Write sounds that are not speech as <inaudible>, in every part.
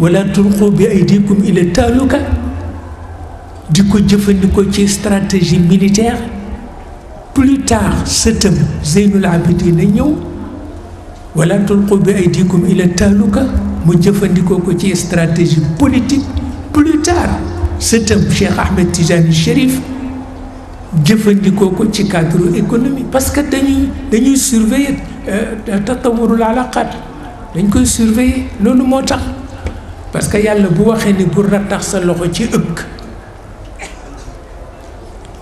ولا تلقوا بأيديكم إلى التهلكة ديكو جفنكو تي استراتيجي ميليتير بلو تار ستم زين العابدين نيو ولا تلقوا بأيديكم إلى التهلكة مو جفنكو تي استراتيجي بوليتيك بلو تار ستم شيخ أحمد تيجاني الشريف جفنكو تي كادرو إيكونومي باسكو داني داني سيرفي تطور العلاقات داني كو سيرفي لولو موتاخ parce que yàlla bu waxee ni bu rattax sa loxo ci ëkk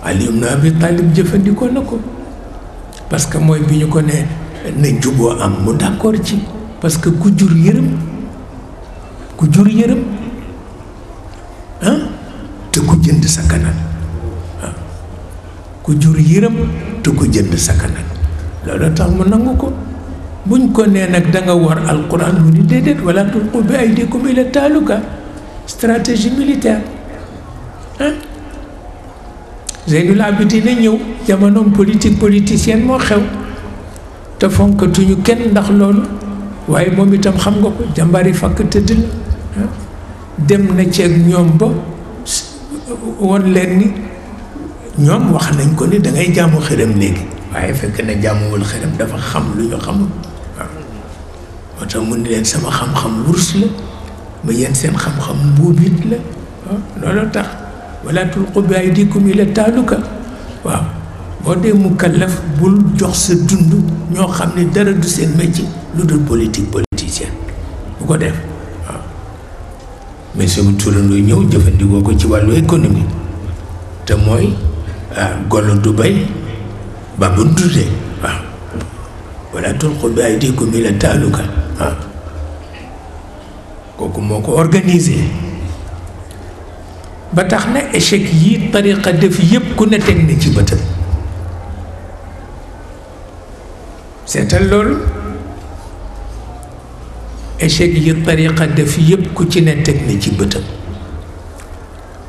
Ali ibn Abi Talib jëfandikoo na ko parce que mooy bi ñu ko ne na juboo am mu d'accord ci parce que ku jur yërëm ku jur yërëm ah, te ku jënd sa kanam ah, ku jur yërëm te ku jënd sa kanam loolu tax mu nangu ko buñ ko ne nak da nga wor alquran mu ni dedet wala tulqu bi aydikum ila taluka stratégie militaire ah Zeynul Abidin ñëw jamono politique politicien mo xew te fonk fonkatuñu kenn ndax lool waye mom itam xam nga ko jàmbari fak tëdd la dem na ci ak ñom ba won len ni ñom wax nañ ko ni da ngay jaamu xërëm legi waye fekk na jaamuwul xërëm dafa xam lu ñu xamul moo tax mu ne leen sama xam-xam wurs la ma yéen seen xam-xam mbuubit la loolu tax wala tulqu bi aydikum ila taaluka waaw boo dee mu kallaf bul jox sa dund ñoo xam ne dara du seen métier lu dul politique politicien bu ko def waaw mais sama turandoo ñëw jëfandikoo ko ci wàllu économie te mooy golo du bay ba bu dundee waaw wala tulqu bi aydikum ila taaluka waaw ah. kooku moo ko organisé ba tax na échec yi tariqa def yépp ku ne teg na ci bëtam seetal loolu échec yi tariqa def yépp ku ci ne teg na ci bëtam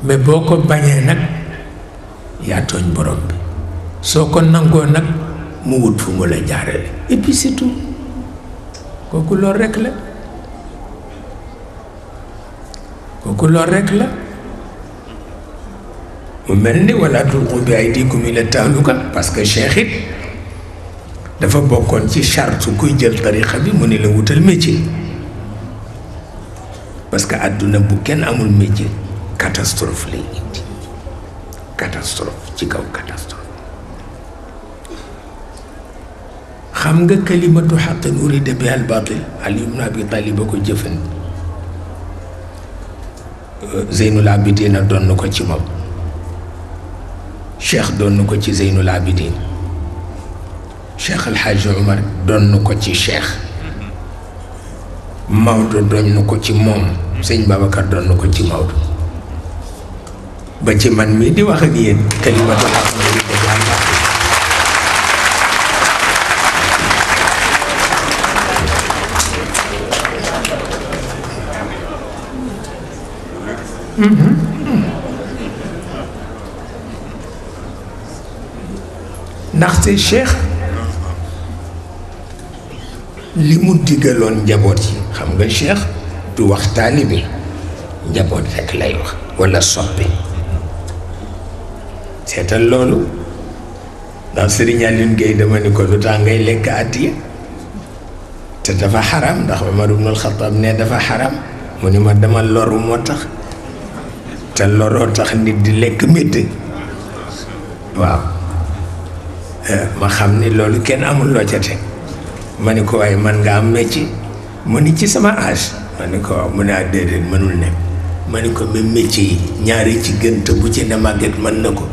mais boo ko bañee nag yaa tooñ borom bi soo ko nangoo nag mu wut fu mu la jaarale et puis kooku loolu rekk la kooku loolu rekk la mu mel ni wala tulqu bi aydikum ila tahluka parce que cheikh it dafa bokkoon ci charte kuy jël tarixa bi mu ni la wutal métier parce que àdduna bu kenn amul métier catastrophe lay indi catastrophe ci kaw catastrophe xam nga kalimatu xaqin urida biha al batil ali ibn abi talib ko jëfan zeynul abidin doon ko ci moom cheikh doon ko ci zeynul abidin cheikh alhaji omar doon ko ci cheikh mawdo doon ko ci moom sëñ babacar doon ko ci mawdo ba ci man mii di wax ak yéen kalimatu xaqin ndaxte cheikh li mu digaloon njaboot yi xam nga cheikh du wax taalibe njaboot rekk lay wax walla soppe seetal loolu ndax Serigne Aline Gueye dama ni ko lu tax ngay lekk àddiya te dafa xaram ndax Omar ibn al Khattab ne dafa xaram mu ni ma dama loru moo tax te loroo tax nit di lekk métti waaw eh, ma xam ni loolu kenn amul loo ca teg ma ni ko waaye man nga am métier mu ni ci sama âge ma ni ko waaw mu ah, mënul ne ma ni ko même métier ñaari ci gën bu ci ne màgget mën na ko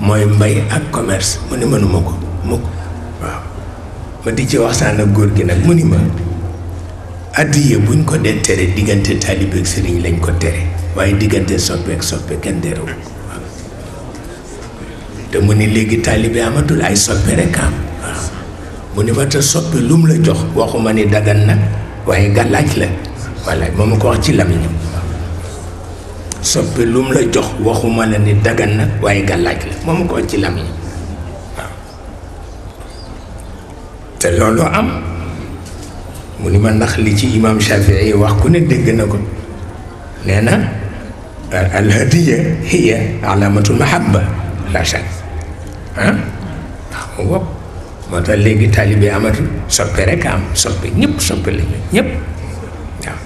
mooy mbay ak commerce mu mënuma ko mukk di ci waxtaan ak góor gi nag mu ni ma addiye buñ ko dee tere diggante taalibe ak sëriñ lañ ko tere waaye diggante soppeek soppe kenn deeru waaw te mu ni léegi taalibe amatul ay soppe rek am waaw mu ni ma soppe lu la jox waxuma ni dagan nag waaye gàllaaj la voilà ma ko wax ci lamiñam soppe lu mu la jox waxuma ni dagan na waaye gàllaaj la ci lam waaw te loolu am mu ni ma ndax li ci imam Shafii wax ku ne dégg na ko nee na الهدية هي علامة المحبة لا شك ها هو ما تلقي تالي بأمر سبكرة كام سبكرة نيب سبكرة نيب نعم.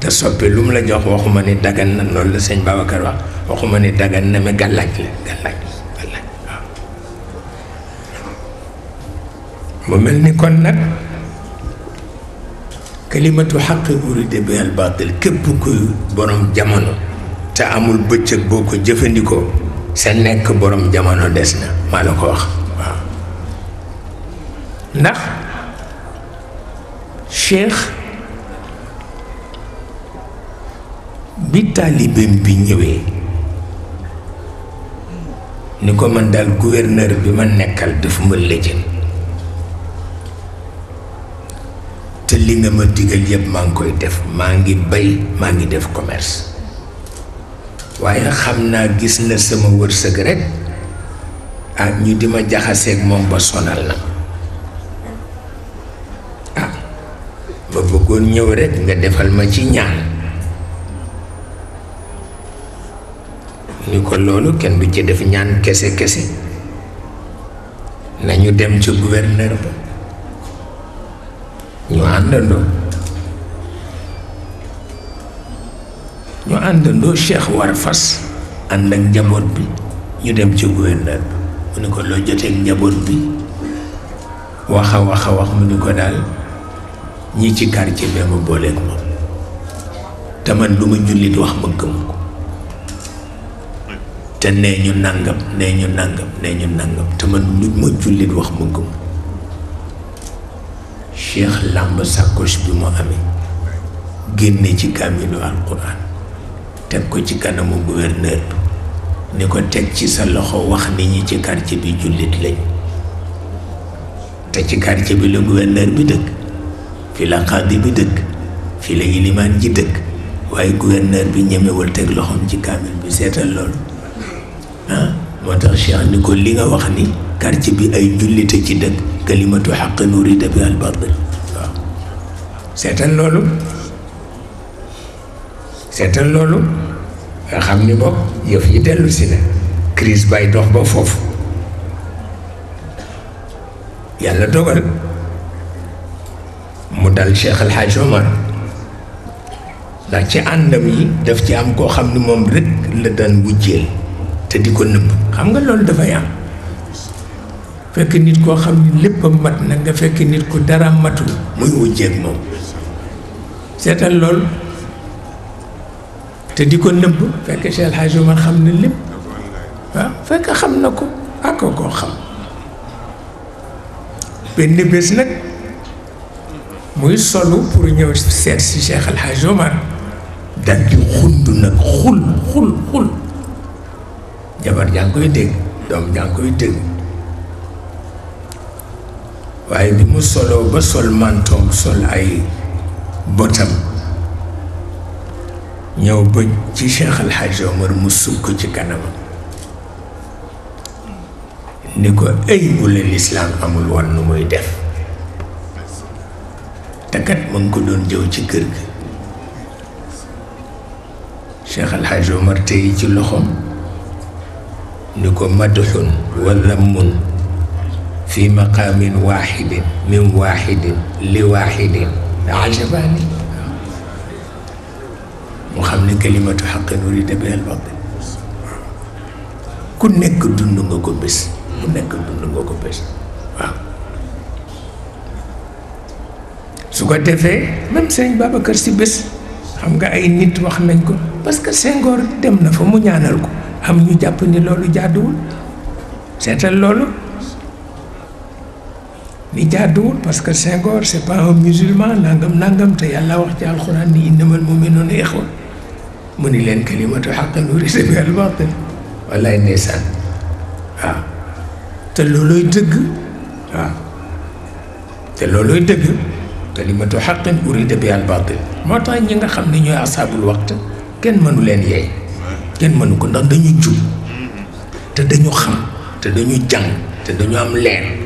تسبب لهم لا جاهو أخماني دعنا نقول سين بابا كروا أخماني دعنا نم غلاك غلاك غلاك مملني كونك كلمة حق أريد بها الباطل كبك برم جمانو تعمل بچك بوكو جفنديكو سنك برم جمانو دسنا ما لكو أخ آه. نخ شيخ بيتالي بيم بينيوي نكو من دال غوورنر بيما نيكال دف ملجين te li nga ma digal yëpp maa ngi koy def maa ngi bay maa ngi def commerce waaye xam naa gis na sama wërsëg rek ah ñu di ma jaxaseeg moom ba sonal na ah ba bëggoon ñëw rek nga defal ma ci ñaan ni ko loolu kenn du ci def ñaan kese kese nañu dem ci gouverneur ba ñu àndandoo ñu àndandoo Cheikh war fas ànd ak njaboot bi ñu dem ci gouverneur bi mu ni ko loo jotee ak njaboot bi wax a wax a wax mu ni ko daal ñi ci quartier bi ma booleeg moom te man lu ma jullit wax ma ko te nee ñu nàngam nee ñu nàngam nee ñu nàngam te man lu ma jullit wax ma cheikh làmb sàkkosh bi mu amee génne ci kàmmilu alquran teg ko ci kanamu gouverneur bi ni ko teg ci sa loxo wax nit ñi ci quartier bi jullit lañ te ci quartier bi la gouverneur bi dëkk fi la xaadi bi dëkk fi ji dëkk waaye gouverneur bi ñemewul teg loxoom ci kaamil bi seetal loolu ah moo tax cheikh ni ko li nga wax ni quartier bi ay jullite ci dëkk kalimatu xaqin urida bi al batil setan lolu setan lolu xamni bok yëf yi delu ci na crise bay dox ba foofu yàlla dogal mu dal Cheikh El Hadj Omar la ci àndam yi daf ci am ko xamni mom moom rek la bu wujjeel te diko neub xam nga lolu dafa am fekk nit ko xamni leppam mat na nga fekk nit ko dara matul muy wujjeeg mom setan lol te diko neub nëbb fekk Cheikh El Hadj Omar xam na lépp wa fekk xam na ko ak ko xam benn bés nak muy solo pour ñëw set ci Cheikh El Hadj Omar dal di xund nak xul xul xul jabar jang koy deg dom jang koy deg waye bi mu solo ba sol mantom sol ay botam ñëw ba ci cheikh alxaaj omar mu sukk ci kanamam ni ko ay bu la lislaam amul woon nu muy def te kat ma ngi ko doon jëw ci kër gi cheikh alxaaj omar tey ci loxoom ni ko maduxun wa lammun fi maqaamin waaxidin min waaxidin li waaxidin ajaba li mu xam ne kalimatu xaqin urida bihal batil ku nekk dund nga ko bés ku nekk dund nga ko bés waaw su ko defee même sëñ Babacar si bés xam nga ay nit wax nañ ko parce que Senghor dem na fa mu ñaanal ko am ñu jàpp ni loolu jàdduwul seetal loolu li jaaduwul parce que Senghor c'est pas un musulman nangam nangam te yàlla wax ci alxuraan ni innamal mu'minuuna ixwa mu ni leen kalimatu xaqin urida bihal baatil te loolooy dëgg te loolooy dëgg kalimatu xaqin urida bihal baatil moo tax ñi nga xam ne ñooy asaabul waxtu kenn mënu leen yeey kenn mënu ko ndax dañu jub te dañu xam te dañu jàng te dañu am leen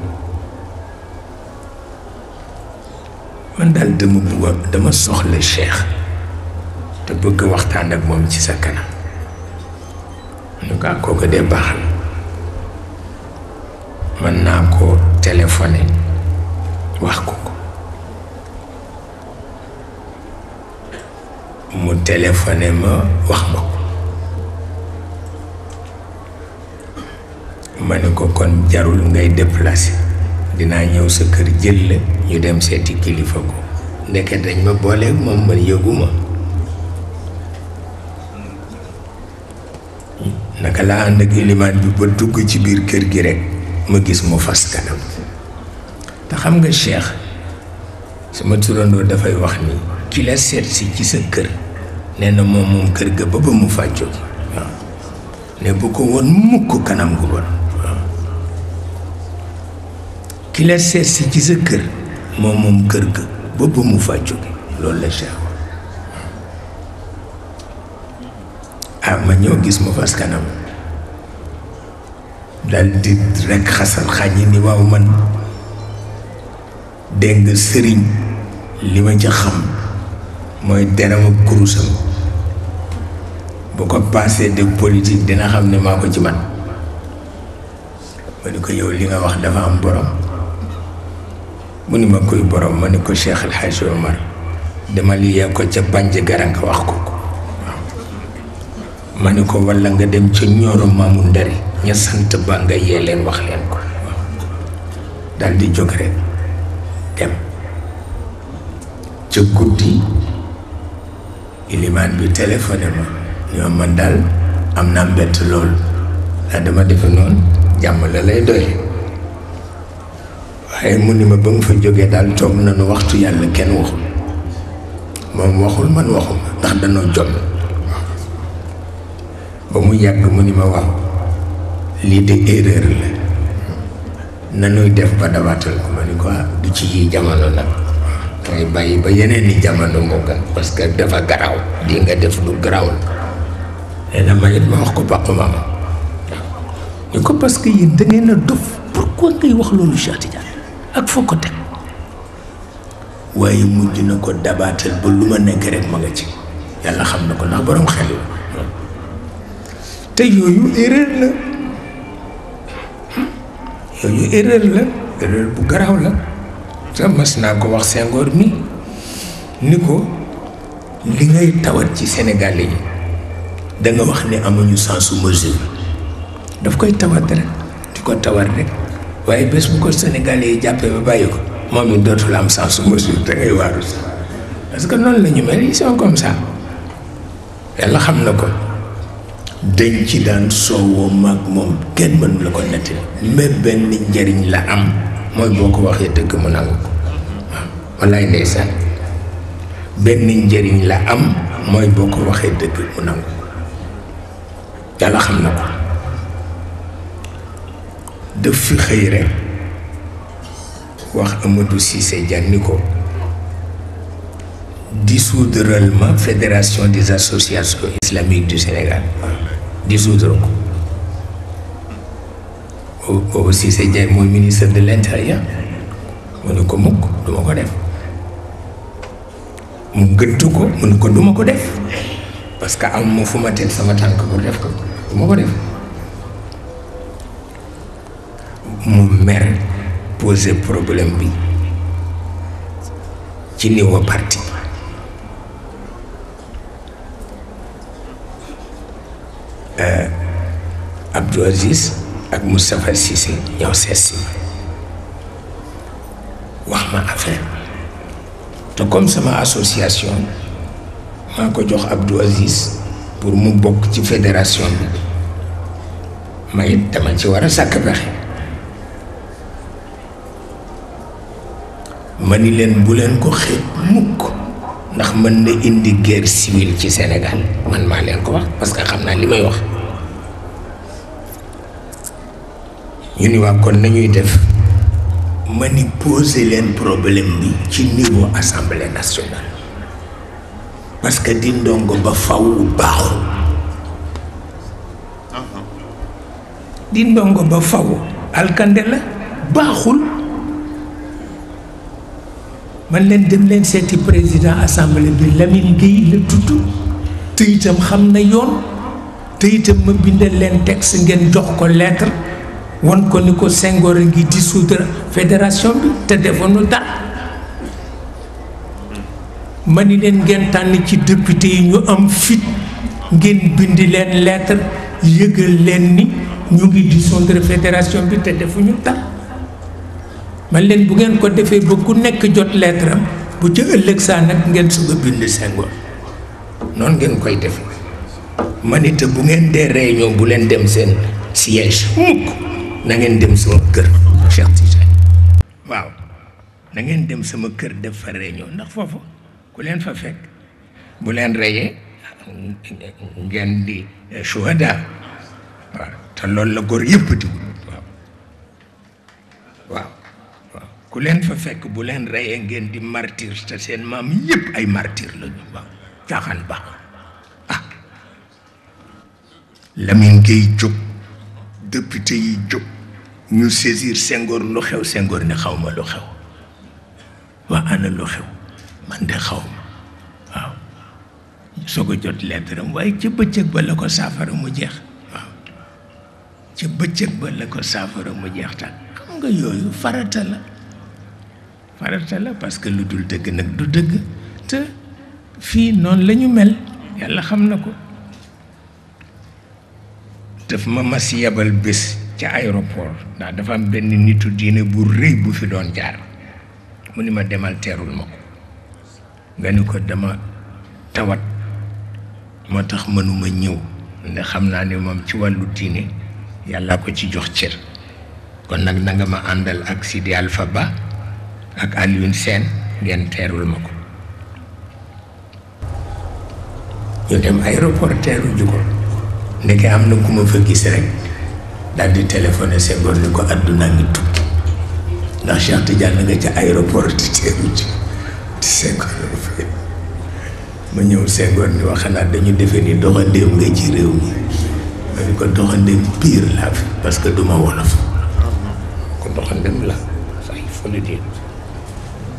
man daal dama bëgg dama soxla Cheikh te bëgg waxtaan ak moom ci sa kanam en tout cas kooku dee baax na mën naa ko téléphoné wax ko ko mu telefone ma wax ma ko ma ne ko kon jarul ngay déplacé. dinaa ñëw sa kër jël la ñu dem seeti kilifa ko ndeke dañ ma booleeg moom man yëguma naka laa ànd ak ilimaan bi ba dugg ci biir kër gi rekk ma gis mu fas kanam te xam nga cheikh sama turandoo dafay wax ni ci la seet si ci sa kër nee na moom moom kër ga ba ba mu fàccoo waaw ne bu ko woon mukk kanam gu bon ki la seet si ci sa kër moom moom kër ga ba ba mu fa jóge loolu la Cheikh ah ma ñëw gis ma fas kanam dal di rek xasal xàññi ni waaw man dégg nga sëriñ li ma ci xam mooy deram ak kurusam bu ko passé de politique dina xam ne maa ko ci man ma ni ko yow li nga wax dafa am borom mu ni ma kuy borom ma ni ko Cheikh El Hadj Omar dama liyee ko ca bànj gara nga wax ko ko ma ni ko walla nga dem ca ñooro maamu ndari ña sant ba nga yee leen wax leen ko daldi jóg rek dem ca guddi ilimaan bi téléphoné ma ñoo man daal am naa mbett lool ndax dama defe noonu jàmm la lay doy waaye mu ni ma ba nga fa jógee daal toog nanu waxtu yàlla kenn waxul moom waxul man waxuma ndax danoo jot ba mu yàgg mu ni ma waaw lii de erreur la nanuy def ba dabaatal ko ma ni ko ah du bàyyi ba yeneen ni jamono moo parce que dafa garaaw di nga def lu garaaw nee na ma ma wax ko baquma ma ni ko parce que yéen da ngeen a dof ngay wax loolu Cheikh Tidiane ak foo ko teg waaye mujj na ko dabaatal ba lu ma nekk rek ma nga ci yàlla xam na ko ndax borom xel la te yooyu erreur la yooyu erreur la erreur bu garaaw la te mas naa ko wax Senghor mi ni ko li ngay tawat ci Sénégal yi danga wax ni amuñu sensu mesure daf koy tawat rek di ko tawat rek waaye bés bu ko Sénégalais yi jàppee ba bàyyi ko moom it dootul am sens su mesure da waaru sax parce que noonu la ñu mel ils sont comme ça yàlla xam na ko dañ ci daan soowoo maag moom kenn mënu ko nettali njëriñ la am mooy boo ko waxee dëgg mu nangu benn njëriñ la am mooy boo ko waxee dëgg mu nangu ko yàlla xam na ko daf fi xëy rek wax Amadou Cissé Diagne ni ko dissoudre ma fédération des associations islamiques du Sénégal dissoudre ko boobu Cissé Diagne mooy ministre de l'intérieur mu ne ko mukk duma ko def mu gëttu ko mu ko duma ko def parce que am ma fu ma teg sama tànk bu def ko duma ko def mu mer poser problème bi ci niveau parti euh Abdou Aziz ak Moustapha Cissé ñëw seet si wax ma affaire te comme sama association maa ko jox Abdou Aziz pour mu bok ci fédération bi ma it dama ci war a pexe mani len bu len ko xet mukk ndax man na indi guerre civile ci senegal man ma len ko wax parce que xamna limay wax ñu ni wa kon nañuy def mani poser len problème bi ci niveau assemblée nationale parce que di ndongo ba faw baaxul uh-huh. di ba faaw alkandela baaxul man leen dem leen seeti président assemblée bi Lamine Gueye la tudd te xam na yoon te ma bindal leen texte ngeen jox ko lettre wan ko ni ko sengoor a ngi dissoudre fédération bi te defoonu dara ma ni leen ngeen tànn ci député yi ñu am fit ngeen bindi leen lettre yëgal leen ni ñu ngi dissoudre fédération bi te defuñu dara man leen bu ngeen ko defee ba ku nekk jot lettre am bu ca ëllëg saa nag ngeen sug a bind noon noonu ngeen koy def man itam bu ngeen dee réunion bu leen dem seen siège mukk na ngeen dem sama kër waaw na ngeen dem sama kër def fa réunion ndax foofu ku leen fa fekk bu leen reyee ngeen di shuhada waaw te loolu la góor yépp di waaw ku leen fa fekk bu leen reyee ngeen di martyr te seen maam yëpp ay martyr la waaw caaxaan baax ah Lamine Gueye jóg député yi jóg ñu saisir Senghor lu xew Senghor ne xaw ma lu xew waa ana lu xew man de xaw waaw soog a jot lettre am waaye ca bëccëg ba la ko saafara mu jeex waaw ca bëccëg ba la ko saafara mu jeex tax xam nga yooyu farata la farata la parce que lu dul dëgg nag du dëgg te fii noonu lañu mel yàlla xam na ko daf ma mas yebal bés ca aéroport ndax dafa am benn nitu diine bu rëy bu fi doon jaar mu ni ma demal teerul ma ko nga ni ko dama tawat moo tax mënuma ñëw ndax xam naa ni moom ci wàllu diine yàlla ko ci jox cër kon nag na nga ma àndal ak Sidi Alpha Ba ak Alioune Sène ngeen teerul ma ko ñu dem aéroport teeru ju ko ndeke am na ku ma fa gis rek dal di téléphoné Senghor ni ko àdduna ngi tukki ndax Cheikh Tidiane nga ca aéroport di teeru ji di Senghor ma ñëw Senghor ni wax xanaa dañu defee ni doxandéem nga ci réew mi ma ni ko doxandéem pire laa fi parce que duma wolof ko doxandéem la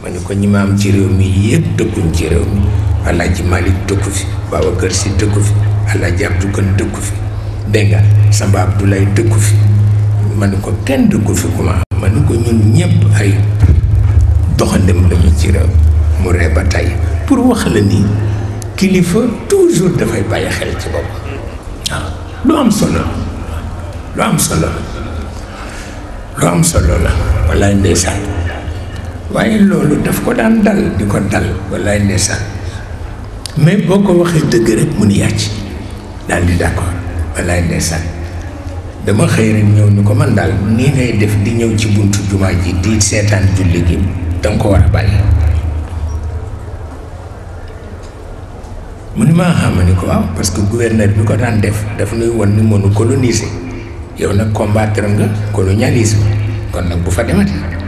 ma ko ñi ma am ci réew mii yëpp dëkkuñ ci réew mi Alaaji Malick dëkku fi Babacar Si dëkku fi Alaaji Abdou Kan dëkku fi dégg nga du lay dëkku fi ma ne ko kenn dëkku fi ku ma am ma ko ñun ñëpp ay doxandem lañu ci réew mu ree ba tey pour wax la ni kilifa toujours dafay bàyyi xel ci bopp lu am solo lu am solo lu am solo la walaay ndeysaan waaye loolu daf ko daan dal di ko dal wallaay ndeysaan mais boo ko waxee dëgg rek mun yàcc daal di d'accord wallaay ndeysaan dama xëy rek ñëw ñu ko man daal nii ngay def di ñëw ci buntu jumaa ji di seetaan julli gi danga ko war a bàyyi mu ni maa ah, xam ni ko waaw parce que gouverneur bi ko daan def daf nuy won ni mënu coloniser yow nag combattre nga colonialisme kon nag bu fa demati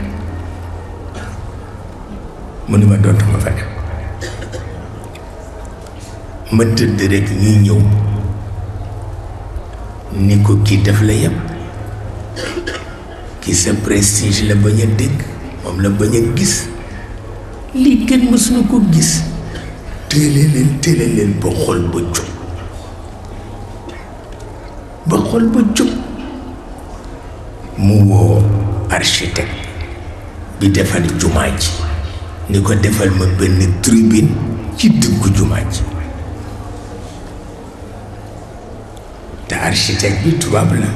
mu ni ma dootuma fa dem ma tëdd rek ñuy ñëw ni ko kii def la yëpp kii sa prestige la bañ a dégg moom la bañ a gis lii kenn mësuñu ko gis téele leen téele ba xol ba jóg ba xol ba jóg mu woo architecte bi defar jumaa ji ni ko defal ma benn tribune ci diggu jumaa te architecte bi tubaab la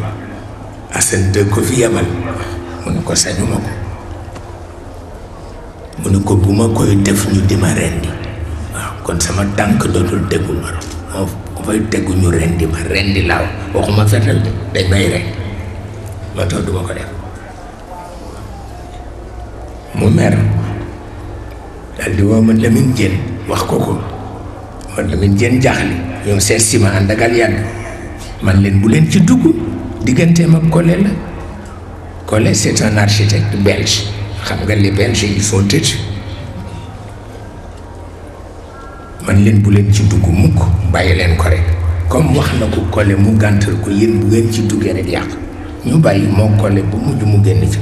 Assane de ko fi yebal mu ne ko sañuma ko mu ne ko bu ma koy def ñu di ma rendi waaw kon sama tànk dootul tegu ma moom bu fay ñu rendi ma rendi laaw waxuma fetal de dañ may rek ma tax duma ko def mu mer daal di woo ma Lamine Dieng wax ko ko ma Lamine Dieng jaaxle ñoom seet si ma ànd yàgg man leen bu leen ci dugg digganteem ak Collé la Collé c'est un architecte belge xam nga leen bu leen ci dugg mukk bàyyi leen ko rek comme wax na ko Collé mu gàntal ko yéen bu ngeen ci duggee rek yàq ñu bàyyi moo Collé bu mujj mu génn ci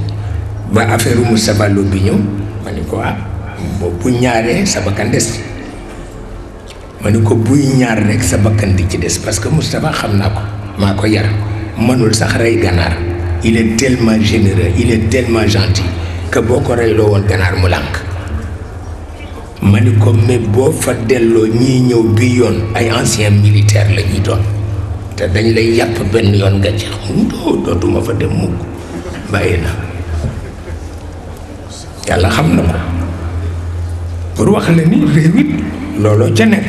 ba affaire Moussa Ballo bi ñëw ma ni ko ah boo bu ñaaree sa bakkan des ma ni ko buy ñaar rek sa bakkan di ci des parce que Moustapha xam naa ko maa ko yar mënul sax rey ganaar il est tellement généreux il est tellement gentil que boo ko reyloo woon ganaar mu lànk ma ni ko mais boo fa delloo ñii ñëw bi yoon ay anciens militaires la ñuy doon te dañ lay yàpp benn yoon nga ci doo fa dem mukk bàyyi na yàlla xam na ko pour wax la ni réew it looloo ca nekk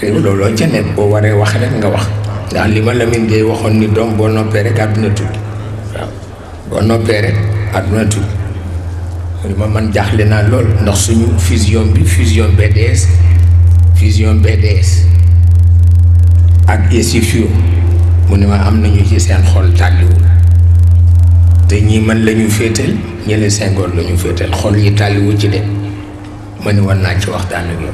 réew looloo ca nekk boo waree wax rek nga wax ndax li ma Lamine Gueye waxoon ni doom boo noppee rek àdduna tudd waaw boo noppee rek àdduna tudd li ma man jaaxle naa lool ndax suñu fusion bi fusion BDS fusion BDS ak ECFIO mu ne ma am nañu ci seen xol tàlliwul te ñii man lañuy ñu féetal ñeneen Senghor la ñu féetal xol yi tàlliwu ci de ma ne war naa ci waxtaan wi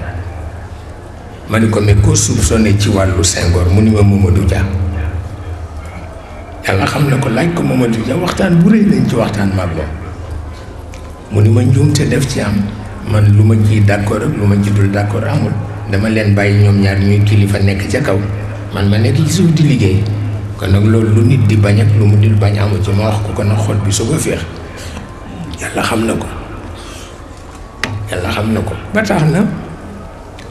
ma ni ko mais koo soupçonné ci wàllu Senghor mu ni ma Mamadou Dia yàlla xam na ko laaj ko Mamadou Dia waxtaan bu rëy lañ ci waxtaan mag moom mu ni ma njuumte def ci am man lu ma ciy d'accord ak lu ma ci dul d'accord amul dama leen bàyyi ñoom ñaar ñuy kilifa nekk ca kaw man ma nekk ci suuf di liggéey kon nag loolu lu nit di bañ ak lu mu dil bañ amu ci ma wax ko kon nag xol bi su ko féex yàlla xam na ko yàlla xam na ko ba tax na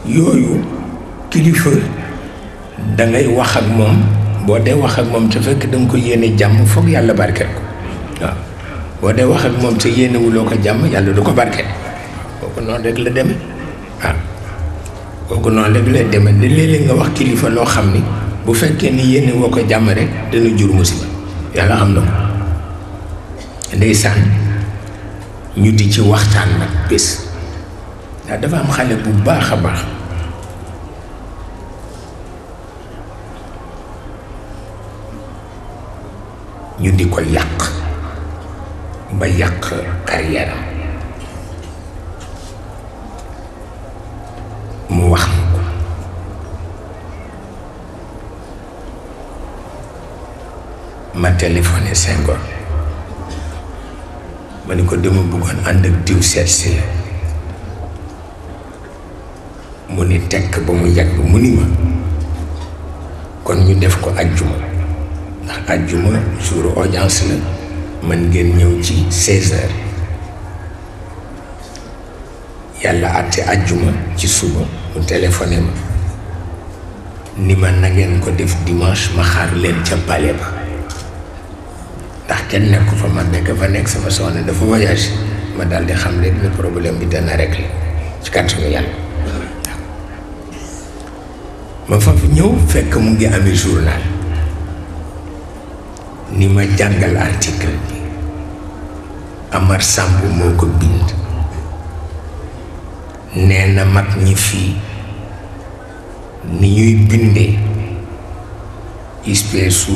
yooyu kilifa dangay wax ak moom boo dee wax ak moom te fekk danga ko yéene jàmm foog yàlla barkeel ko waaw boo dee wax ak moom te yéenewuloo ko jàmm yàlla du ko barkeel kooku noonu rek la demee waaw kooku noonu rek la demee léeg-léeg nga wax kilifa loo xam ni bu fekkee ni yéen woo ko jàmm rek dana jur musiba yàlla am na ko ndeysaan ñu di ci waxtaan nag bés ndax dafa am xale bu baax a baax ñu di ko yàq ba yàq carrière mu wax ma téléphoné Senghor ma ni ko dama bëggoon ànd ak diw seet la mu ni tekk ba mu yàgg mu ni ma kon ñu def ko ajjuma ndax ajjuma jour audience la man ngeen ñëw ci 16 heures yàlla àtte ajjuma ci suba mu téléphoné ma ni ma na ngeen ko def dimanche ma xaar leen ca palais ba ndax kenn nekku fa man nekk fa nekk sama soxna dafa voyage ma daal di xam léegi ne problème bi dana réglé ci kàttanu yàlla ma fa ñëw fekk mu ngi amee journal ni ma jàngal article bi Amar Samb moo ko bind nee na mag ñi fi ni ñuy bindee espèce su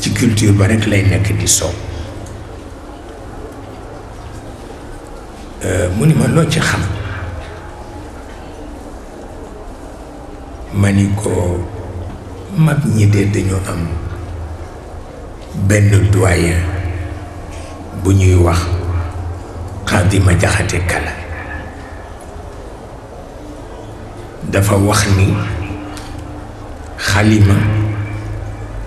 ci culture ba rek lay nekk di soow euh, mu ni ma loo ci xam ma ni ko mag ñi de dañu am benn doyen bu ñuy wax xaadima jaxate kala dafa wax ni xalima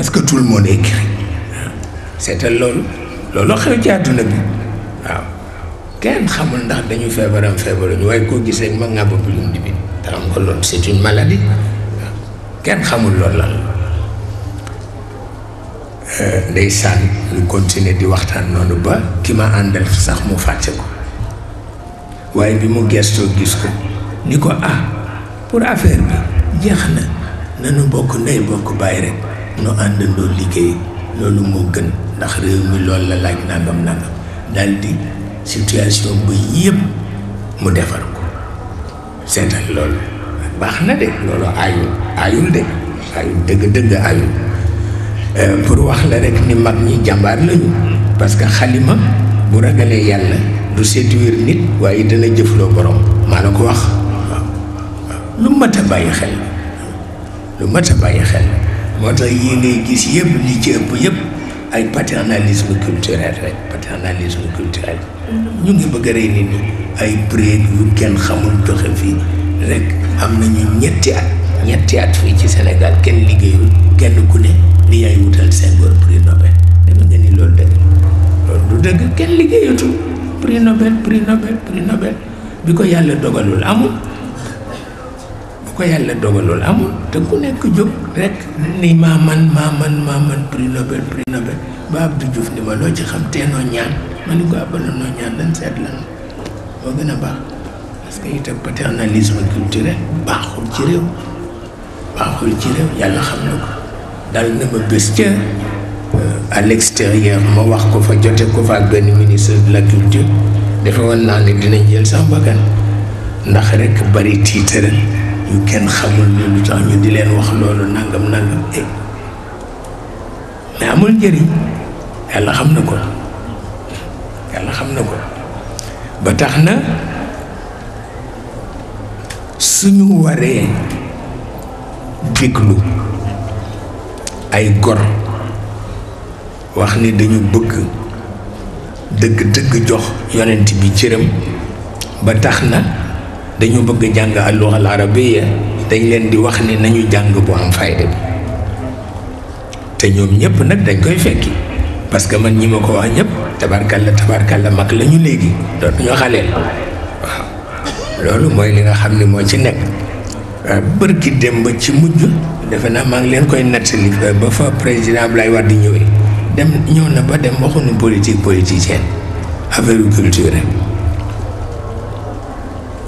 parce que tout le monde écrit seetal hein. loolu lolo xew ci àdduna bi waaw kenn xamul ndax dañu feebaram feebaruñu waaye koo gis rek ma nga bi lum di te xam nga loolu c'est une maladie waaw kenn xamul loolu lan la euh, ndeysaan ñu continuer di waxtaan noonu ba ki ma àndal sax mu fàtte ko waaye bi mu gestoo gis ko ni ko ah pour affaire bi jeex na nanu bokk ndey bokk bàyyi rek nu àndandoo liggéey loolu moo gën ndax réew mi loolu la laaj nangam nangam daal di situation ba yépp mu defar ko seetal loolu baax na de loolu aayul aayul de aayul dëgg dëgg aayul euh, pour wax la rek ni mag ñi jàmbaar lañu parce que xalima bu ragalee yàlla du séduire nit waaye dana jëfloo borom maa la ko wax waaw waaw lu mat a bàyyi xel lu mat a bàyyi xel moo yi yii ngay gis yëpp li ci ëpp yëpp ay paternalisme culturel rek paternalisme culturel mm-hmm. ñu ngi bëgg a rey nit ñi ay préeg yu kenn xamul doxe fii rek am nañu ñetti at ñetti at fii ci Sénégal kenn liggéeyul kenn ku ne ni yaay wutal Senghor prix Nobel dama nga ni loolu dëgg loolu dëgg kenn liggéeyatu prix Nobel prix Nobel prix Nobel bi ko yàlla dogalul amul bu ko yàlla dogalul amul te ku nekk jóg rek ni maa man maa man maa man prix Nobel prix Nobel ba Abdou Diouf ni ma loo ci xam teenoo ñaan ma ni ko abala ah, noo ñaan dañ seet lan moo gën a baax parce que itam paternalisme culturel baaxul ci réew ci réew yàlla xam na ko dal na ma bés ca euh, à l'extérieur ma wax ko fa jote ko fa ak benn ministre de la culture defe woon naa ne dinañ jël sax bakkan ndax rek bari tiitaral ñu kenn xamul ni lu tax ñu di leen wax loolu nangam nangam eh mais amul njëriñ yàlla xam na ko yàlla xam na ko ba tax na suñu waree déglu ay gor wax ni dañu bëgg dëgg-dëgg jox yonent bi cëram ba tax na dañu bëgg jàng alluha al arabiya dañ leen di wax ne nañu jàng bu am fayda bi te ñoom ñëpp nag dañ koy fekki parce que man ñi ma ko wax ñëpp tabarkalla la mag la ñu léegi dootu ñu loolu mooy li nga xam ne moo ci nekk bërki dem ba ci mujj defe naa maa ngi leen koy li euh, ba fa président Abdoulaye Wade ñëwee dem ñëw na ba dem waxuñu politique politicienne affaire culture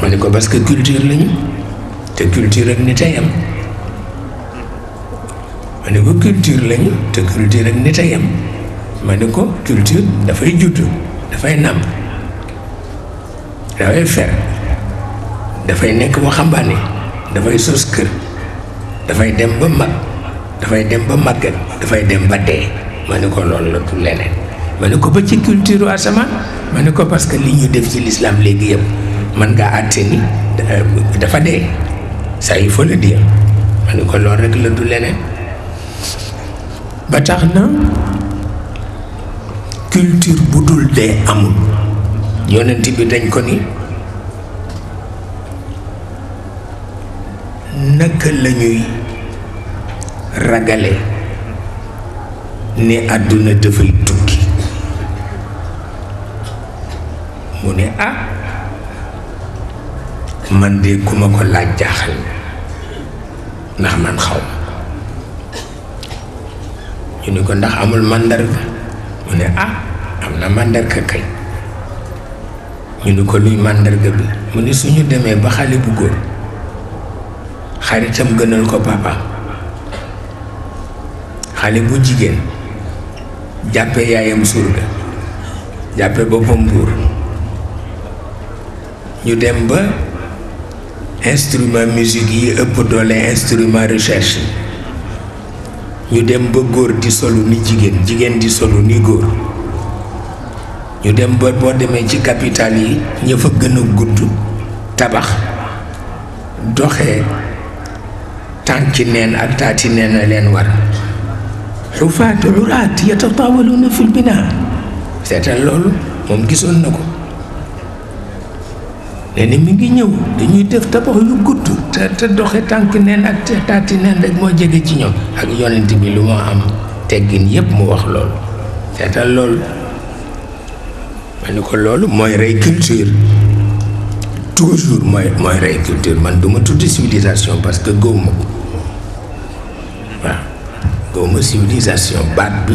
ma ne ko parce que culture lañu te culture ak nit a yem ma ko culture lañu te culture ak nit a ne ko culture dafay juddu dafay nàmp dafay fer dafay nekk waxambaane dafay sos kër dafay dem ba mag dafay dem ba màggat dafay dem ba dee ma ne ko loolu la du leneen ma ne ko ba ci culture asamaan ma ne ko parce que li ñu def ci lislaam léegi yëpp mën ngaa àtte ni euh, dafa dee ça il faut le dire ma ni ko loolu rek la du leneen ba tax na culture bu dul dee amul yonent bi dañ ko ni naka la ñuy ragale ne àdduna dafay tukki mu ne ah man de ku ma ko laaj jaaxal ndax man xaw ma ñu ni ko ndax amul màndarga mu ne ah am na màndarga kay ñu ni ko luy màndarga bi mu ni suñu demee ba xale bu góor xaritam gënal ko papa xale bu jigéen jàppe yaayam surga jàppe boppam buur ñu dem ba instrument musique yi ëpp doole instrument recherche ñu dem ba góor di solu ni jigéen jigéen di solu ni góor ñu dem ba boo demee ci capital yi ña fa gën a gudd tabax doxe tànki neen ak taati neen a leen war xufaat uraat yatataawaluuna fil binaa seetal loolu moom gisoon na ko léegi mi ngi ñëw dañuy def tabax yu gudd te te doxe tànk neen ak te taati neen rek moo jege ci ñoom ak yonent bi lu ma am teggin yépp mu wax loolu seetal loolu ma ni ko loolu mooy rey culture toujours mooy mooy rey culture man du ma tudd civilisation parce que gëw ma ko waaw gëw civilisation baat bi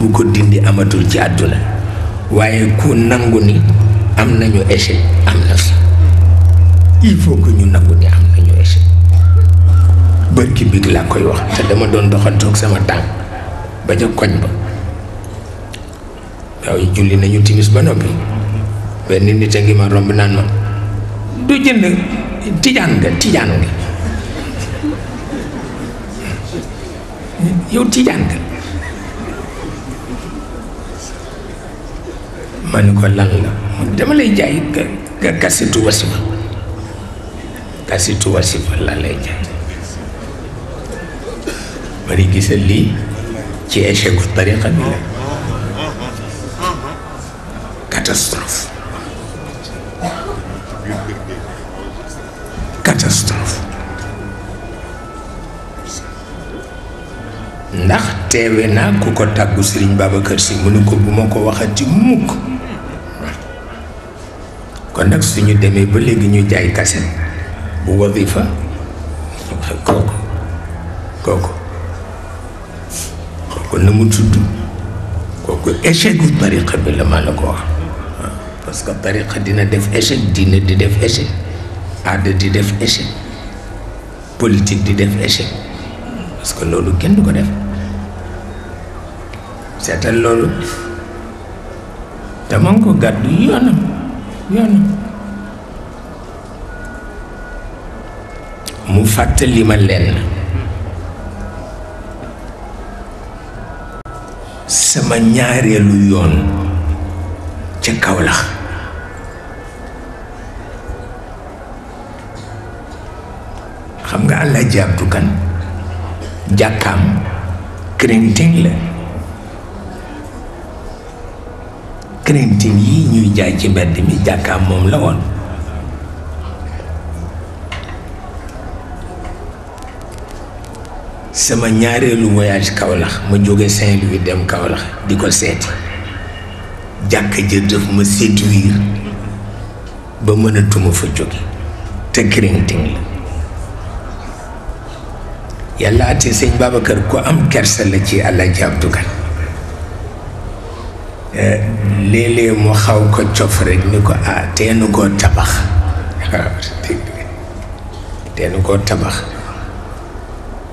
bu ko dindi amatul ci àdduna waaye ku nangu ni am nañu échec am na sax il faut que ñu nangu ni am nañu échec bërki biig laa koy wax te dama doon doxantoog sama tànk ba ca koñ ba waaw julli nañu timis ba noppi benn nit a ngi ma romb naan ma du jënd tijaan nga tijaan nga <laughs> yow tijaan nga ma ni ko lan la dama lay jaay nga kasitu wasifa kasitu wasifa laa lay jaay ma gisal lii ci échec gu tariqa bi ndax teewe naa ku ko tàggu Serigne Babacar Sy mu ne ko bu ma ko waxati mukk kon nag suñu demee ba léegi ñu jaay kaset bu wadifa kooku kooku kooku na mu tudd kooku échec bu tariqa bi la maa la ko wax parce que tariqa dina def échec diine di def échec aada di def échec politique di def échec parce que loolu kenn du ko def seetal loolu te ko gàddu yoonam mu fàttali ma lenn sama ñaareelu yoon ca Kaolack xam nga Alaaji Abdu Kan jàkkam krinting la crintin yi ñuy jaay ci mbedd mi jàkkaam moom la woon sama ñaareelu voyage Kaolack ma jóge Saint-Louis dem Kaolack di ko seeti jàkk jër daf ma séduire ba mënatuma fa jóge te crintin la yàlla ate sëñ Babacar ku am kersa la ci àlla Abdu Kan Eh, léeg-léeg mu xaw ko cof rek ni ko ah teenu koo tabax waaw <laughs> teenu koo tabax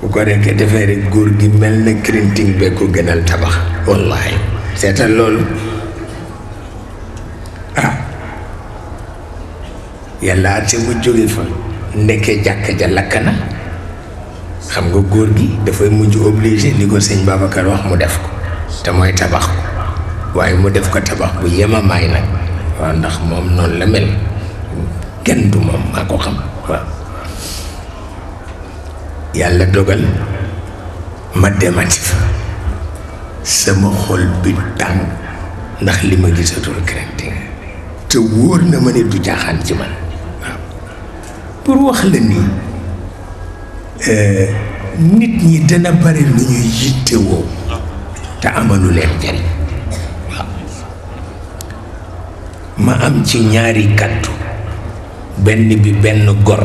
bu ko rekkee defee rek góor gi mel na crinting bee ko gënal tabax wallahi seetal loolu ah yàlla ate mu jóge fa ndekkee jàkk ja lakk na xam nga góor gi dafay mujj obligé li ko sëñ Babacar wax mu def ko te mooy tabax ko waaye mu def ko tabax bu yemamaay nag waaw ndax moom noonu la mel kenn du moom maa ko xam waaw yàlla dogal ma demati fa sama xol bi tàng ndax li ma gisatul crainte te wóor na ma ne du jaaxaan ci man waaw pour wax la nii euh, nit ñi dana bari lu ñuy yittewoo te amalu leen jariñ ma am ci ñaari kàddu benn bi benn gor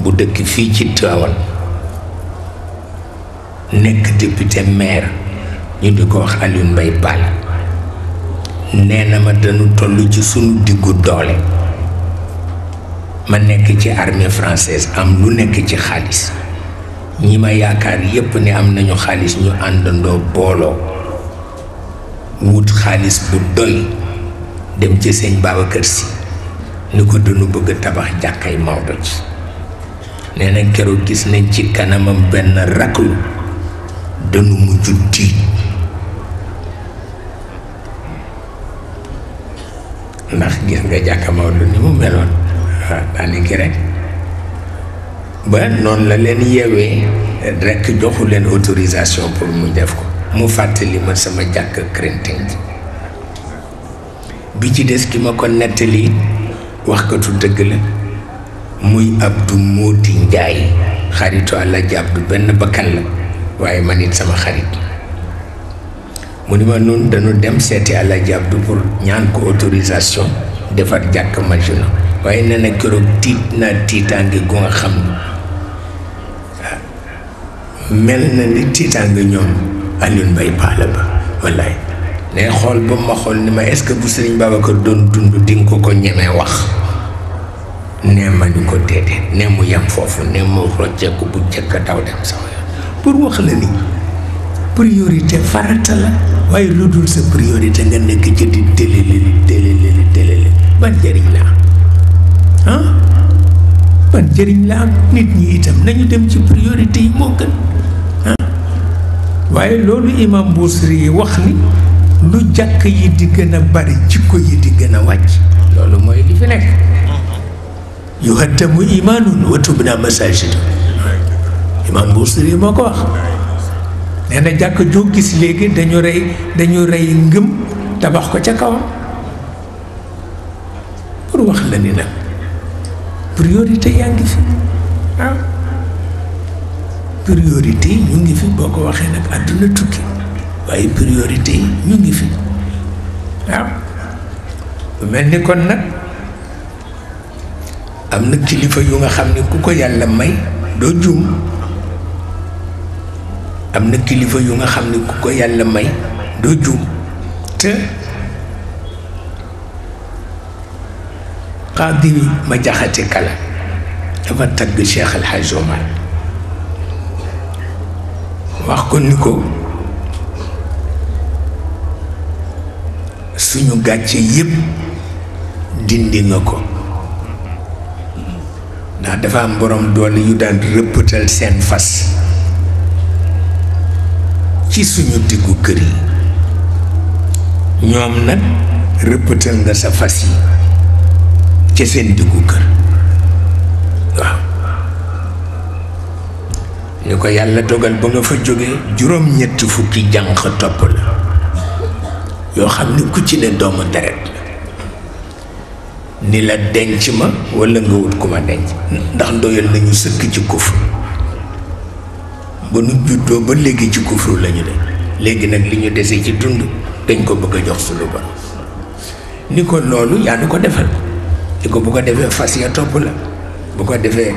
bu dëkk fii ci Tivaouane nekk député maire ñu di ko wax Alioune Mbaye nee na ma dañu tollu ci sunu diggu doole ma nekk ci armée française am lu nekk ci xaalis ñi ma yaakaar yépp ni am nañu xaalis ñu àndandoo booloo wut xaalis bu doy dem ci sëñ Babacar Si ni ko dunu bëgg tabax jàkkay Maodo ci nee na keroog gis nañ ci kanamam benn raklu danu mujj tiit ndax gis nga jàkka Maodo ni mu meloon waaw ah, daanaka rek ba noon la leen yeewee rek joxu leen autorisation pour mu def ko mu fàttali ma sama jàkk crintin bi ci des ki ma ko nettali waxkatu dëgg la muy Abdou Móoti Njaay xaritu jàpp Abdu benn bakkan la waaye man it sama xarit mu ni ma noonu dañu dem seeti Alaaji Abdu pour ñaan ko autorisation defar jàkk majuna waaye nee na tiit naa tiitaange gu nga xam mel na ni tiitaange ñoom Alioune Mbaye Palla ba wallaay ne xool ba ma xool ni ma est que bu Sëriñ ko doon dund di ko ko ñemee wax ne ma ni ko déedéet ne mu yem foofu ne mu rocceeku bu jëkk daw dem sama wax la ni priorité farata la waaye lu dul sa priorité nga nekk ci di télélil télélil télélil ban njëriñ la ah ban njëriñ la am nit ñi itam nañu dem ci priorité yi moo gën waaye loolu imam Bousiri yi wax ni lu jàkk yi di gën a bari jikko yi di gën a wàcc loolu mooy li fi nekk yuhattamu imaanun wa tubna masaajidu imaam Buusiri moo ko wax nee na jàkk joo gis léegi dañu rey dañu rey ngëm tabax ko ca kawam pour wax la ni nag priorité yaa ngi fi ah priorité ñu ngi fi boo ko waxee nag àdduna tukki waaye priorité yi ñu ngi fi waaw lu mel ni kon nag am na kilifa yu nga xam ne ku ko yàlla may doo juum na kilifa yu nga xam ni ku ko yàlla may doo juum te xaadiri ma jaxate kala dafa tagg Cheikh El wax ko ni ko suñu gàcce yépp dindi nga ko ndax dafa am borom doole yu daan rëppëtal seen fas ci suñu diggu kër yi ñoom nag rëppëtal nga sa fas yi ca seen diggu kër waaw ñu ko yàlla dogal ba nga fa jógee juróom ñett fukki jànq topp la yoo xam ni ku ci ne doomu deret la ni la denc ma walla nga wut ku ma denc ndax doyal nañu sëkk ci kufru ba nu juddoo ba léegi ci kufru lañu de léegi nag li ñu desee ci dund dañ ko bëgg jox sunu ni ko loolu yaa ni ko defal ni ko bu ko defee fas ya topp la bu ko defee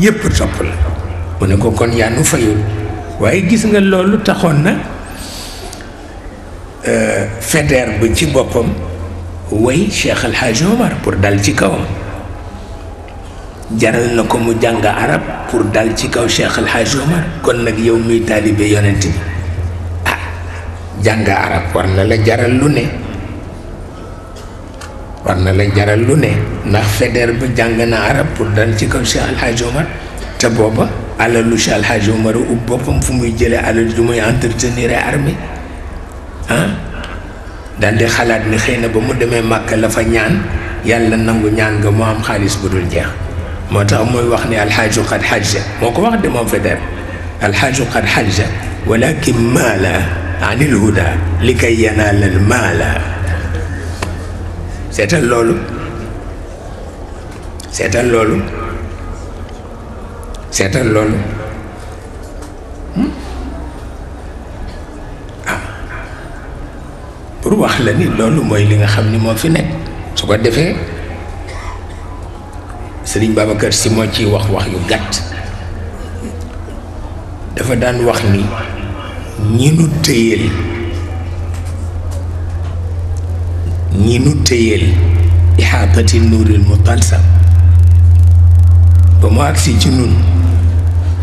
yépp topp la mu ne ko kon yaa nu fayul waaye gis nga loolu taxoon na feder ba ci boppam way cheikh alhaaji omar pour dal ci kawam jaral na ko mu jàng arab pour dal ci kaw cheikh alhaaji omar kon nag yow muy taalibe yonent bi ah jàng arab war na la jaral lu ne war na la jaral lu ne ndax feder ba jàng na arab pour dal ci kaw cheikh alhaaji omar te booba alalu cheikh alhaaji omar ub boppam fu muy jële alal ju muy entretenir armée dal di xalaat ni xëy na ba mu demee màkk la fa ñaan yàlla nangu ñaan nga moo am xaalis bu dul jeex moo tax muy wax ni alxaaju qad xajja moo ko wax de moom fa dem alxaaju qad xajja walakin maala anil huda li kay yanaalal maala seetal loolu seetal loolu seetal loolu wax la ni loolu mooy li nga xam ni moo fi nekk su ko defee sëriñ Babacar Si moo ciy wax wax yu gàtt dafa daan wax ni ñi nu tëyeel ñi nu tëyeel ihaatati nuuril mutalsam ba mu agsi ci nun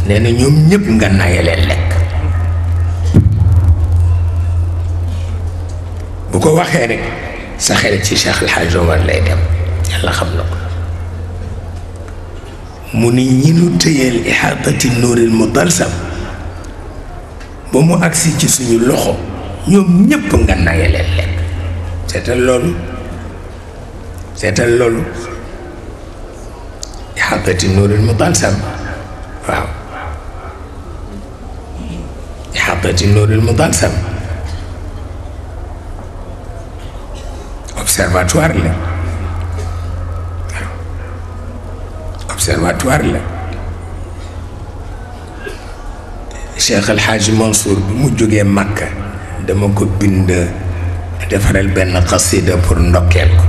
nee na ñoom ñëpp nga nayaleen lekk bu ko waxee rek sa xel ci Cheikh El Hadj Omar lay dem yàlla xam na ko mu ni ñi nu tëyeel ihaatati nuuril mutalsam ba mu agsi ci suñu loxo ñoom ñépp nga nange leen lekk seetal loolu seetal loolu ihaatati nuuril mutalsam observatoire la observatoire la Cheikh al Hadj Mansour bi mu jógee Makka dama ko bind defaral benn qasida pour ndokkeel ko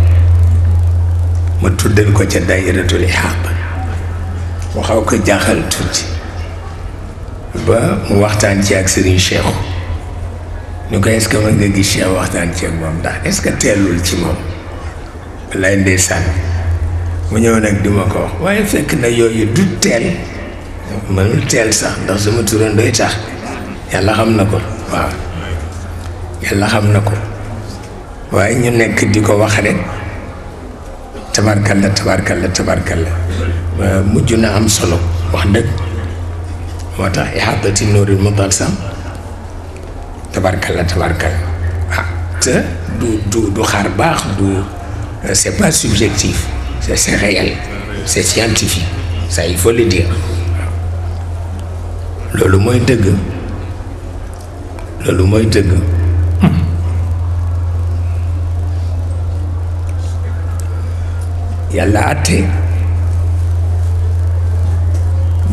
ma tuddal ko ca daayiratul Ihab mu ko jaaxal tuuti ba mu ci ak Serigne Cheikh ñu ko est-ce que nga gis Cheikh waxtaan ceeg moom ndax est-ce que teelul ci moom wallaay ndeysaan mu ñëw nag di ma ko wax waaye fekk na yooyu du teel mënul teel sax ndax sama turoon tax yàlla xam na ko waaw yàlla xam na ko waaye ñu nekk di ko wax rek tabarkalla tabarkalla tabarkalla mujj na am solo wax dëgg moo tax ihaadati nuuril mutalsam tabarkal la tabarkal ah te du du du xaar baax du euh, c'est pas subjectif c'est c'est réel c'est scientifique ça il faut le dire loolu mooy dëgg loolu mooy dëgg yàlla àtte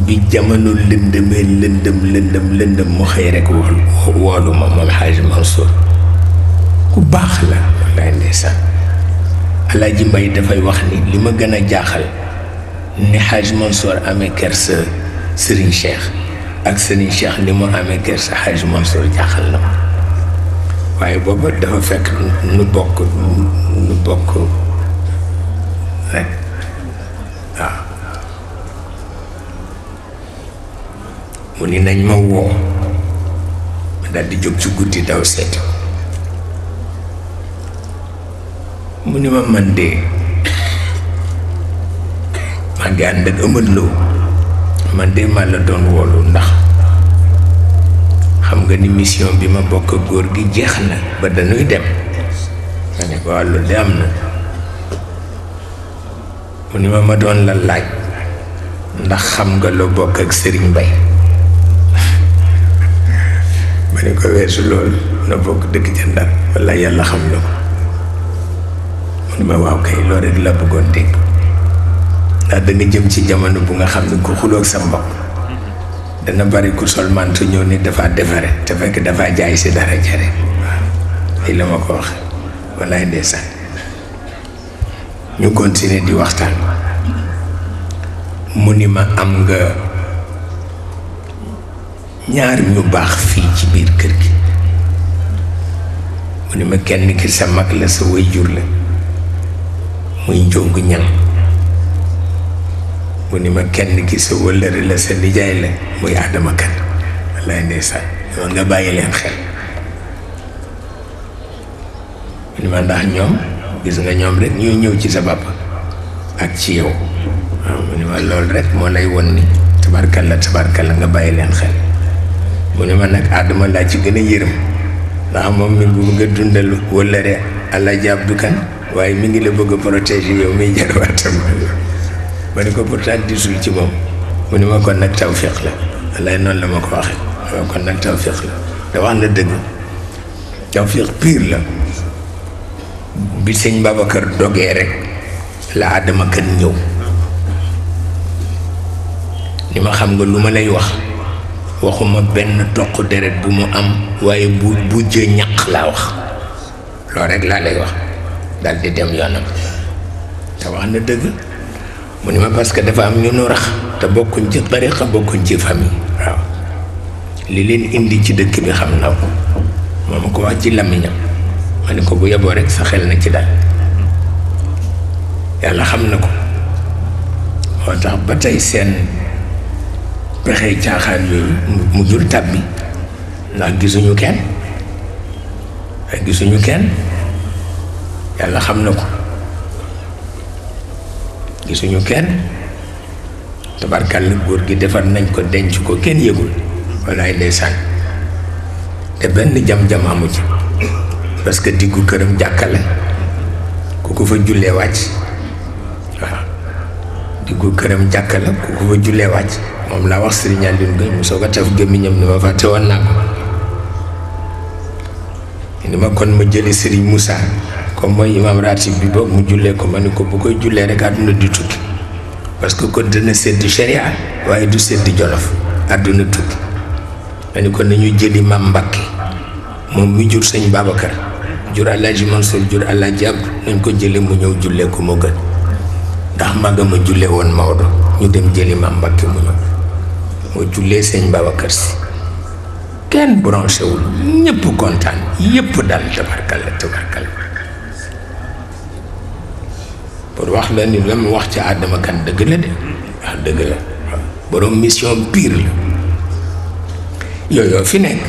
bi jamono lëndëmee lëndëm lëndëm lëndëm mu xëy rek woolu woolu ma moom xaaj Mansour ku baax la wallaay ndeysaan alaaji mbay dafay wax ni li ma gën a jaaxal ni xaaj Mansour amee kër sa Serigne Cheikh ak Serigne Cheikh ni mu amee kër sa xaaj Mansour jaaxal na ma waaye booba dafa fekk nu bokk nu bokk rek waaw mu ni nañ ma woo ma daal jóg ci guddi daw seet mu ni ma man de maa ngi ànd ak ëmët loo man de maa la doon woolu ndax xam nga ni mission bi ma bokk góor gi jeex na ba dañuy dem ma ne ko am na mu ni ma ma doon la laaj ndax xam nga loo bokk ak Serigne Mbaye ma ne ko weesu loolu na bokk dëkk ca Ndar walla yàlla xam na ko mun ma waaw kay loolu rek la bëggoon dégg ndax dana jëm ci jamono bu nga xam ne ku xuloog sa mbokk dana bari ku sol mantu ñëw ni dafa defare te fekk dafa jaay si dara jare waaw lii la ma ko wax wallaay ndeysaan ñu continuer di waxtaan mu ni ma am nga ñaar ñu baax fii ci biir kër gi mu ne ma kenn ki sa mag la sa waajur la muy njong ñan mu ni ma kenn ki sa wëllëre la sa nijaay la muy Adama Kan wallaay ndeysaan dama nga bàyyi leen xel mu ni ma ndax ñoom gis nga ñoom rek ñoo ñëw ci sa papa ak ci yow waaw mu ni ma loolu rek moo lay won ni tabarkalla tabarkalla nga bàyyi leen xel mu ne ma nag Adama laa ci gën a yërëm ndax moom mi ngi bëgg a dundal wëllëre Alaaji Abdu Kan waaye mi ngi la bëgg a protéger yow miy jarwaatam ma ne ko pourtant disul ci moom mu ne ma kon nag tawfiq la wallaay noonu la ma ko waxee ma kon nag tawfiq la te wax dëgg tawfiq pire la bi sëñ kër dogee rek la Adama Kan ñëw li ma xam nga lu ma lay wax waxuma benn toq deret bu mu am waaye bu bu jë ñaq laa wax loolu rek laa lay wax dal di dem yoonam te wax na dëgg mu ni ma parce que dafa am ñu nu rax te bokkuñ ci tariqa bokkuñ ci famille waaw li leen indi ci dëkk bi xam na ko moom ko wax ci làmmiñam ma ni ko bu yeboo rek sa xel na ci dal yàlla xam na ko moo tax ba tey seen pexey caaxaan yooyu mu jur tàbbi ndax gisuñu kenn ndax gisuñu kenn yàlla xam na ko gisuñu kenn tabarkàlla góor gi defar nañ ko denc ko kenn yëgul wallaay ndeysaan te benn jam-jam amu ci parce que diggu këram jàkkale ku ko fa jullee wàcc diggu këram jàkk la ku ko fa jullee wàcc moom laa wax Serigne Alioune Gueye mu soog a taf gémmiñam ni ma fàtte woon naa ko ni ma kon ma jële Serigne Moussa comme mooy imam ratib bi boog mu jullee ko man ni ko bu koy jullee rek àdduna di tukki parce que kon dana sédd sharia waaye du sédd jolof àdduna tukki ma ni ko nañu jëli mam Mbacke moom mi jur sëñ Babacar jur Alaaji Mansour jur Alaaji Abdu nañ ko jële mu ñëw jullee ko moo ndax magam a julle woon Maodo ñu dem jëli maam Mbacke mu ñëw moo jullee sëñ Babacar si kenn branché wul ñëpp kontaan yëpp daal tabarkalla tabarkalla pour wax la ni la wax ci Adama kan dëgg la de wax dëgg la borom mission pire la yooyu fi nekk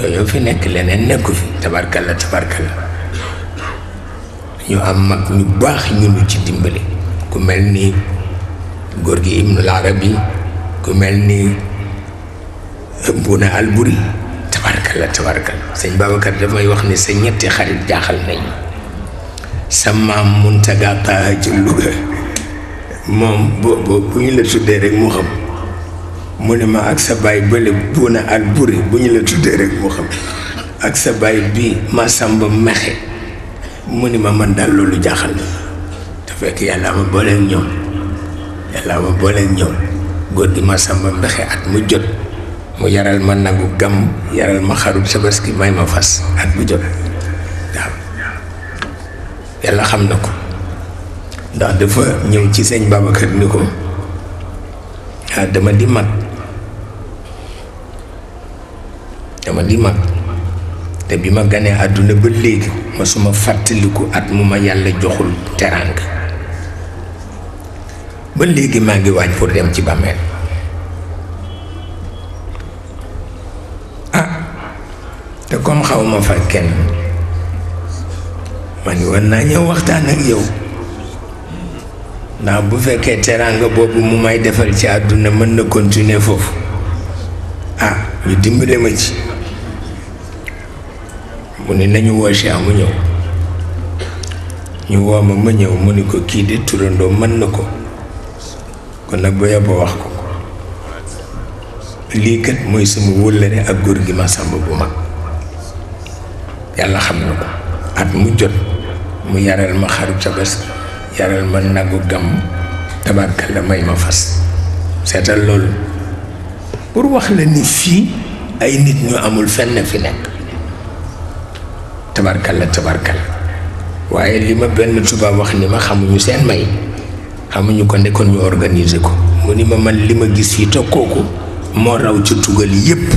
yooyu fi nekk leneen nekku fi tabarkalla tabarkalla ñu am mag ñu baax ñu ci dimbali ku mel ni góor gi Ibnul Arabi ku mel ni Mbouna Albouri tabarkal la tabarkal sëñ Babacar damay wax ni sa ñetti xarit jaaxal nañu sa maam Muntaga Taha ci moom boobu bu ñu la tuddee rek moo xam mu ne ma ak sa baay bële Mbouna Albouri bu ñu la tuddee rek moo xam ak sa baay bii Massamba Mexe mu ni ma man daal loolu jaaxal te fekk yàlla ma booleek ñoom yàlla ma booleek ñoom góor gi ma sàmba mbexe at mu jot mu yaral ma nagu gàmm yaral ma xarub sabaski may ma fas at mu jot waaw yàlla xam na ko ndax dafa ñëw ci seen Babacar ni ko ah, dama di mag dama di mag te bi ma ganee àdduna ba léegi ma suma fàttaliku at mu ma yàlla joxul teraanga ba léegi maa ngi waaj pour dem ci bàmmeel ah te comme xaw ma fa kenn ma ni war naa ñëw waxtaan ak yow ndax bu fekkee teraanga boobu mu may defal ci àdduna mën na continuer foofu ah ñu dimbale ma ci mu ni nañu woo Cheikh mu ñëw ñu wooma ma ma mu ni ko kii de turandoo mën na ko kon nag ba yóbbu wax ko ko lii kat mooy sama wóllëre ak góor gi ma sàmb bu mag yàlla xam na ko at mu jot mu yaral ma xaru cabas yaral ma nagu gàmm tabarkal la may ma fas seetal loolu pour wax la ni fii ay nit ñu amul fenn fi nekk tabarkal la tabarkal waaye li ma benn tubaab wax ni ma xamuñu seen may xamuñu ko nekkoon ñu organiser ko mu ni ma man li ma gis yi te kooku moo raw ci tugal yépp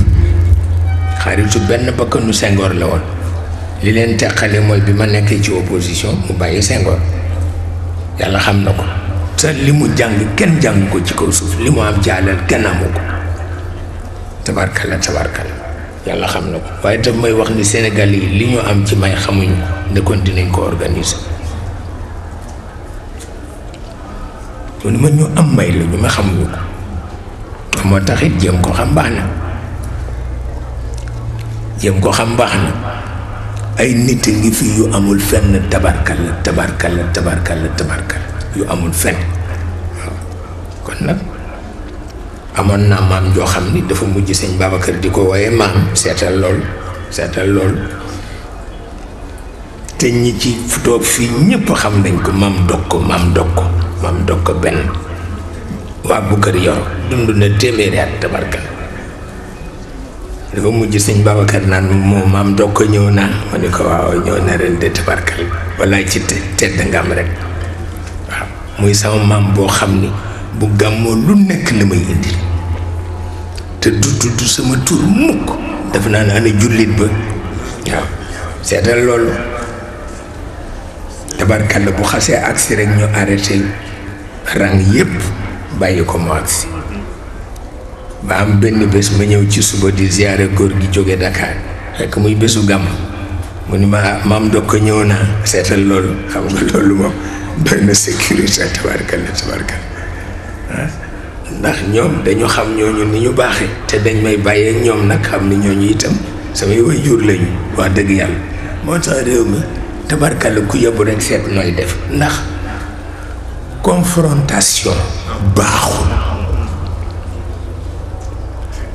xaritu benn bakkanu Senghor la woon li leen teqali mooy bi ma nekkee ci opposition mu bàyyi Senghor yàlla xam na ko te li mu jàng kenn jàng ko ci kaw suuf li mu am jaalal kenn amu ko tabarkal la tabarkal yàlla xamna ko waye tam may wax ni Sénégal yi li ñu am ci may xamuñ ne kon dinañ ko organiser loolu ma ñu am may lu ñu ma xamuñu ko mo taxit jëm ko xam baxna jëm ko xam baxna ay nit ngi fi yu amul fenn tabarkal tabarkal tabarkal tabarkal yu amul fenn kon nak amoon naa maam joo xam ni dafa mujj sëñ Babacar di ko wooye maam seetal lool seetal lool te ñi ci toog fii ñëpp xam nañ ko maam dog ko maam dog ko maam dog ko benn waa bu kër yoro dund na mujj sëñ Babacar dog ko ñëw naan ma ni ko waaw ñëw na walla ci tedd ngam rek waaw muy sama maam boo xam ni bu gàmmoo lu nekk la may indi te du tudd sama tur mukk def naa naa ne jullit ba waaw seetal loolu tabarkàlla bu xasee agsi rek ñu arrêté rang yépp bàyyi ko mu agsi ba am benn bés ma ñëw ci suba di ziyaare góor gi jóge Dakar fekk muy bésu gàmm mu ni ma maam dog ko ñëw naa seetal loolu xam nga loolu moom doy na sécurité tabarkàlla tabarkàlla ndax ñoom dañu xam ñooñu ni ñu baaxee te dañ may bàyyee ñoom nag xam ni ñooñu itam samay way jur lañu wax dëgg yàlla moo tax réew mi tabarkalla ku yóbbu rek seet nooy def ndax confrontation baaxul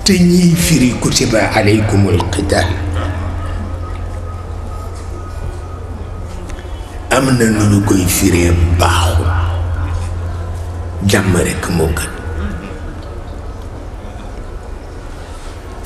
te ñiy firi kutiba aleykumul qitaal am na ñu koy firee baaxul jàmm rek moo gën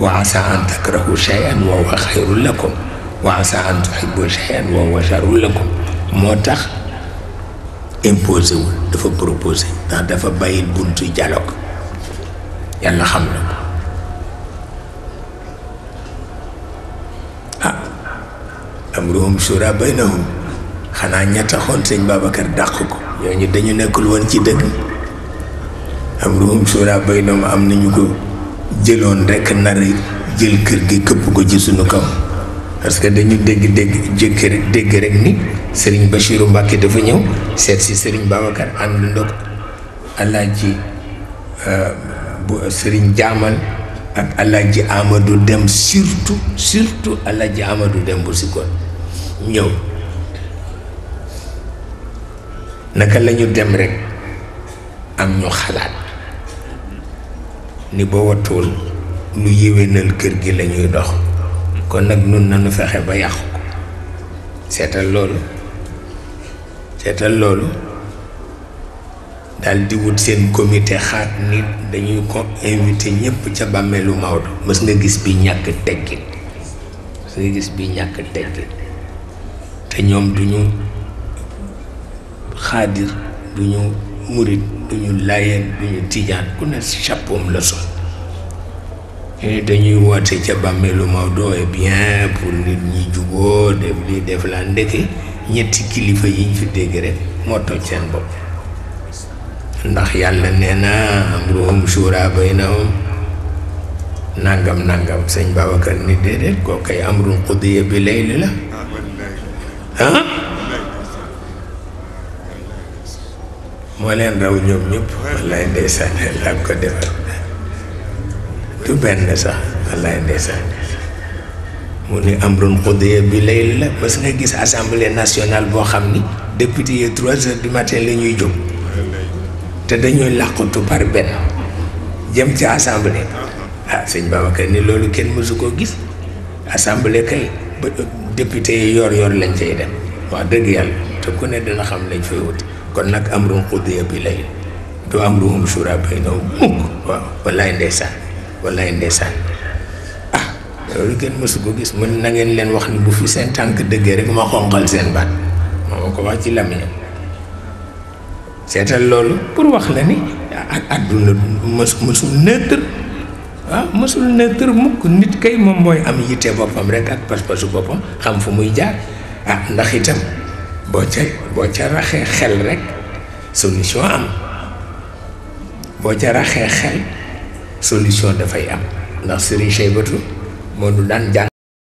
wa asaa an takrahu shay'an wa huwa xayrun lakum wa asaa an tuhibbu shay'an wa huwa sharrun lakum moo tax imposé wul dafa proposé ndax dafa bàyyil buntu dialogue yàlla xam na ko ah amruhum shura baynahum xanaa ña taxoon sëñ Babacar dàq ko ñooñu dañu nekkul woon ci dëgg amruhum shura baynahum am nañu ko jëloon rekk nari jël kër gi këpp ko ci sunu kaw parce que dañu dégg dégg jékki rek dégg rek ni sëriñ Bachirou Mbacke dafa ñëw seet si sëriñ am ànd ndox alaaji euh, bu sëriñ jaamal ak alaaji Amadou Dem surtout surtout ji Amadou Dem bu si kon ñëw naka lañu dem rekk am ñu xalaat ni ba wattuwul lu yéwénal kër gi lañuy dox kon nag nun nañu fexe ba yàqu ko seetal loolu seetal loolu daal wut seen comité xaat nit dañuy ko invité ñëpp ca bàmmeelu Maodo mës nga gis bi ñàkk teggin mës nga gis bi ñàkk teggin te ñoom duñu xaadir duñu murit du ñu laayeen du tijaan ku ne chapeau la sol eh, dañuy woote ca bàmmeelu Maodo et eh bien pour nit ñi juboo def lii def laa ndeke ñetti kilifa yi ñu fi dégg rek moo toj seen bopp ndax yàlla nee na amruhum shura baynahum nangam nangam sëñ Babacar ni déedéet kooku ay amrun qudiya bi layli la ah moo leen raw ñoom ñëpp wallaay ndeysaan laa ko defal du benn sax wallaay ndeysaan mu ni amrun xudiya bi layl la parce que nga gis assemblée nationale boo xam ni député yi trois heures du matin la ñuy jóg te dañuy làqutu par benn jëm ci assemblée ah sëñ Babacar ni loolu kenn mësu koo gis assemblée kay ba député yi yor yor lañ fay dem wax dëgg yàlla te ku ne dina xam lañ fay wuti nak amrun qudiya bilay do amruhum shura bainahum wallahi ndeysaan wallahi ndeysaan ah loolu ken mësu ko gis man na ngeen len wax ni bu fi sen tank dëggee rek ma xonqal sen bat moo ko wax ci lamine setal pour wax la ni ak aduna musu mësul ah musu mësul nit kay mom moy am yite bopam rek ak pas-pasu bopam xam fu muy jaar ah ndax itam boo ca boo ca raxee xel rek solution am boo ca raxee xel solution dafay am ndax Serigne Cheikh Batou moo nu daan jàng